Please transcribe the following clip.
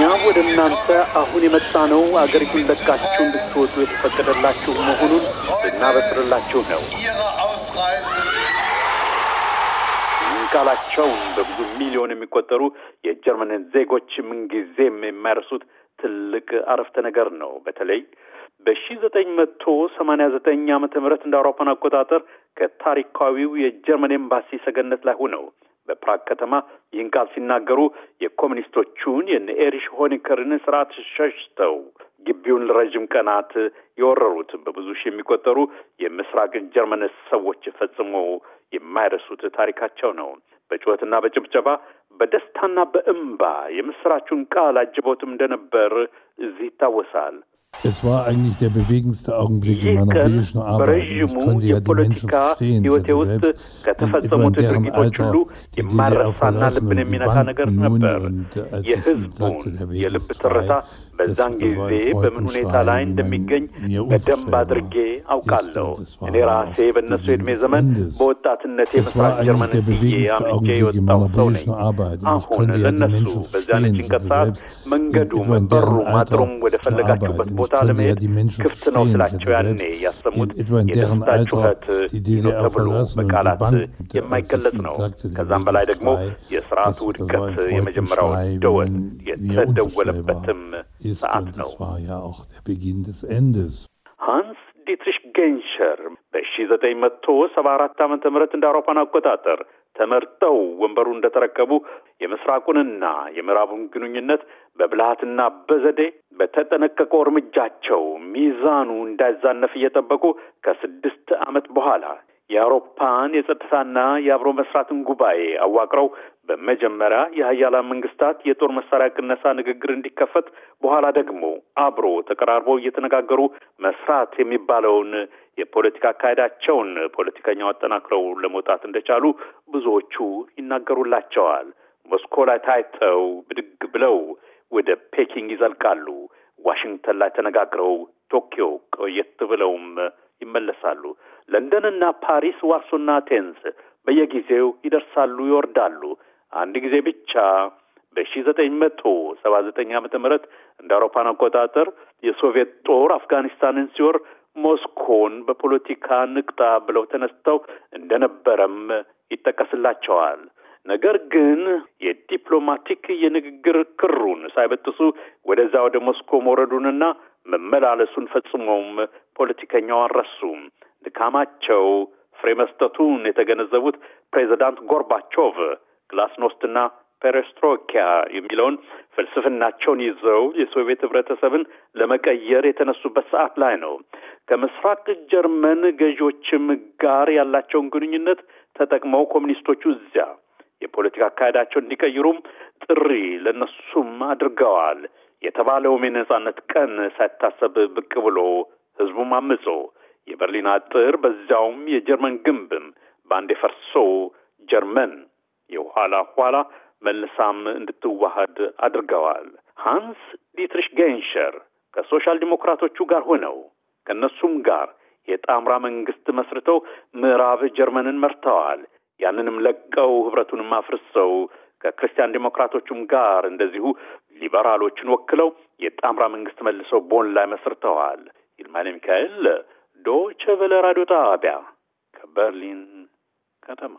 እኛ ወደ እናንተ አሁን የመጣ ነው አገሪቱን ለቃችሁ እንድትወጡ የተፈቀደላችሁ መሆኑን ልናበስርላችሁ ነው። ቃላቸውን በብዙ ሚሊዮን የሚቆጠሩ የጀርመን ዜጎች ምንጊዜም የማይረሱት ትልቅ አረፍተ ነገር ነው። በተለይ በሺ ዘጠኝ መቶ ሰማኒያ ዘጠኝ ዓመተ ምህረት እንደ አውሮፓን አቆጣጠር ከታሪካዊው የጀርመን ኤምባሲ ሰገነት ላይ ሆነው በፕራግ ከተማ ይህን ቃል ሲናገሩ የኮሚኒስቶቹን የነ ሆኒከርን ስርዓት ሸሽተው ግቢውን ለረዥም ቀናት የወረሩት በብዙ ሺህ የሚቆጠሩ የምስራቅ ጀርመን ሰዎች ፈጽሞ የማይረሱት ታሪካቸው ነው። በጩኸትና በጭብጨባ በደስታና በእምባ የምስራቹን ቃል አጅበውትም እንደነበር እዚህ ይታወሳል። Es war eigentlich der bewegendste Augenblick in meiner politischen Arbeit. Ich konnte ja die Menschen verstehen, die selbst und etwa in deren Alter die DDR verlassen und die Banden nun und äh, als ich sagte, der Weg ist frei, በዛን ጊዜ በምን ሁኔታ ላይ እንደሚገኝ በደንብ አድርጌ አውቃለሁ። እኔ ራሴ በእነሱ የዕድሜ ዘመን በወጣትነት ምስራቅ ጀርመን ብዬ አምጄ የወጣው ሰው ነኝ። አሁን ለእነሱ በዚያን የጭንቀት ሰዓት መንገዱም በሩም አጥሩም ወደ ፈለጋችሁበት ቦታ ለመሄድ ክፍት ነው ስላቸው ያኔ ያሰሙት የደስታ ጩኸት ይሉ ተብሎ በቃላት የማይገለጽ ነው። ከዛም በላይ ደግሞ ስርዓቱ ውድቀት የመጀመሪያው ደወል የተደወለበትም ሰዓት ነው። ሃንስ ዲትሪሽ ጌንሸር በ1974 ዓ ም እንደ አውሮፓን አቆጣጠር ተመርጠው ወንበሩ እንደተረከቡ የምስራቁንና የምዕራቡን ግንኙነት በብልሃትና በዘዴ በተጠነቀቀው እርምጃቸው ሚዛኑ እንዳይዛነፍ እየጠበቁ ከስድስት ዓመት በኋላ የአውሮፓን የጸጥታና የአብሮ መስራትን ጉባኤ አዋቅረው በመጀመሪያ የሀያላን መንግስታት የጦር መሳሪያ ቅነሳ ንግግር እንዲከፈት በኋላ ደግሞ አብሮ ተቀራርቦ እየተነጋገሩ መስራት የሚባለውን የፖለቲካ አካሄዳቸውን ፖለቲከኛው አጠናክረው ለመውጣት እንደቻሉ ብዙዎቹ ይናገሩላቸዋል። ሞስኮ ላይ ታይተው ብድግ ብለው ወደ ፔኪንግ ይዘልቃሉ። ዋሽንግተን ላይ ተነጋግረው ቶኪዮ ቆየት ብለውም ይመለሳሉ። ለንደንና ፓሪስ ዋርሶና ቴንስ በየጊዜው ይደርሳሉ፣ ይወርዳሉ። አንድ ጊዜ ብቻ ሰባ ዘጠኝ ዓመተ ምህረት እንደ አውሮፓን አቆጣጠር የሶቪየት ጦር አፍጋኒስታንን ሲወር ሞስኮን በፖለቲካ ንቅጣ ብለው ተነስተው እንደነበረም ይጠቀስላቸዋል። ነገር ግን የዲፕሎማቲክ የንግግር ክሩን ሳይበጥሱ ወደዛ ወደ ሞስኮ መውረዱንና መመላለሱን ፈጽሞም ፖለቲከኛው አልረሱም። ድካማቸው ፍሬ መስጠቱን የተገነዘቡት ፕሬዚዳንት ጎርባቾቭ ግላስኖስትና ፔሬስትሮኪያ የሚለውን ፍልስፍናቸውን ይዘው የሶቪየት ህብረተሰብን ለመቀየር የተነሱበት ሰዓት ላይ ነው። ከምስራቅ ጀርመን ገዢዎችም ጋር ያላቸውን ግንኙነት ተጠቅመው ኮሚኒስቶቹ እዚያ የፖለቲካ አካሄዳቸውን እንዲቀይሩም ጥሪ ለነሱም አድርገዋል። የተባለውም የነጻነት ቀን ሳይታሰብ ብቅ ብሎ ህዝቡም አምጾ የበርሊን አጥር በዚያውም የጀርመን ግንብም በአንድ ፈርሶ ጀርመን የኋላ ኋላ መልሳም እንድትዋሃድ አድርገዋል። ሃንስ ዲትሪሽ ጌንሸር ከሶሻል ዲሞክራቶቹ ጋር ሆነው ከእነሱም ጋር የጣምራ መንግስት መስርተው ምዕራብ ጀርመንን መርተዋል። ያንንም ለቀው ህብረቱንም አፍርሰው ከክርስቲያን ዲሞክራቶቹም ጋር እንደዚሁ ሊበራሎችን ወክለው የጣምራ መንግስት መልሰው ቦን ላይ መስርተዋል። ይልማኔ ሚካኤል ዶቸ ቨለ ራዲዮ ጣቢያ ከበርሊን ከተማ